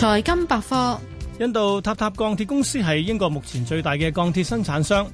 財金百科，印度塔塔鋼鐵公司係英國目前最大嘅鋼鐵生產商。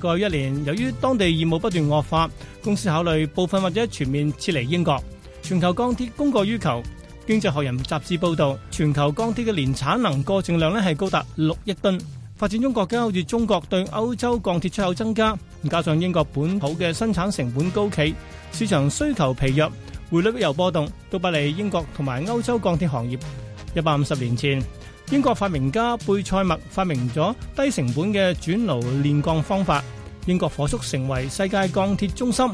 過去一年，由於當地業務不斷惡化，公司考慮部分或者全面撤離英國。全球鋼鐵供過於求，經濟學人雜誌報道，全球鋼鐵嘅年產能過剩量咧係高達六億噸。發展中國家，好似中國對歐洲鋼鐵出口增加，加上英國本土嘅生產成本高企，市場需求疲弱，匯率又波動，都不利英國同埋歐洲鋼鐵行業。一百五十年前，英國發明家貝塞麥發明咗低成本嘅轉爐煉鋼方法，英國火速成為世界鋼鐵中心。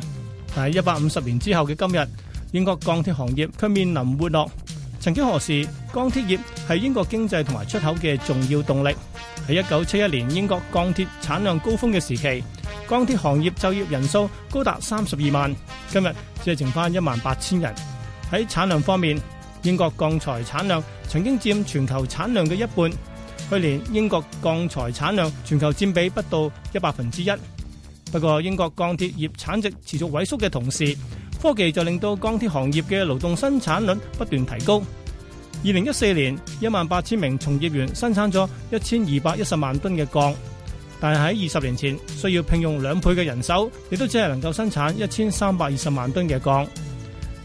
但係一百五十年之後嘅今日，英國鋼鐵行業卻面臨沒落。曾經何時鋼鐵業係英國經濟同埋出口嘅重要動力。喺一九七一年英國鋼鐵產量高峰嘅時期，鋼鐵行業就業人數高達三十二萬，今日只係剩返一萬八千人。喺產量方面，英國鋼材產量曾經佔全球產量嘅一半，去年英國鋼材產量全球佔比不到一百分之一。不過英國鋼鐵業產值持續萎縮嘅同時，科技就令到鋼鐵行業嘅勞動生產率不斷提高。二零一四年，一萬八千名從業員生產咗一千二百一十萬噸嘅鋼，但喺二十年前，需要聘用兩倍嘅人手，亦都只係能夠生產一千三百二十萬噸嘅鋼。